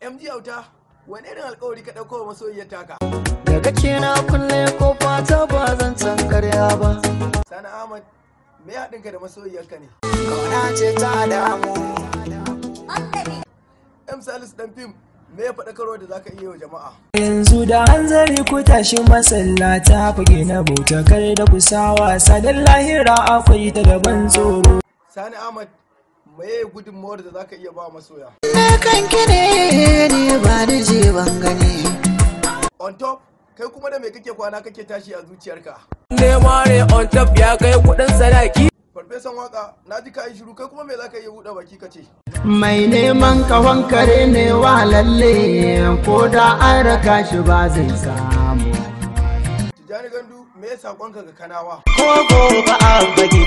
MG auta wani irin alkawari ka ɗauko masoyiyar taka. Da kake na kunne ko fata ba zan can karya ba. Sani Ahmad me haɗin ka da masoyiyarka ne? Kauna ce ta damu. M Salisu ɗan fim me ya faɗa karo da za ka iya wa jama'a. Yanzu da an zari ku tashi masallata fage na bauta da kusawa sadan lahira akwai ta daban tsoro. Sani Ahmad maye gudunmawar da zaka iya ba masoya na kan kire ne ba da on top kai kuma da me kake kwana kake tashi a zuciyarka nemare on top ya kai kudin sadaki farfesan waka na ji ka yi shiru kai kuma me zaka iya buɗe baki kace mai neman kawan kare ne wa lalle ko da an raka shi ba zai samu Tijjani gandu me sakonka ga kanawa ko ko ba abadi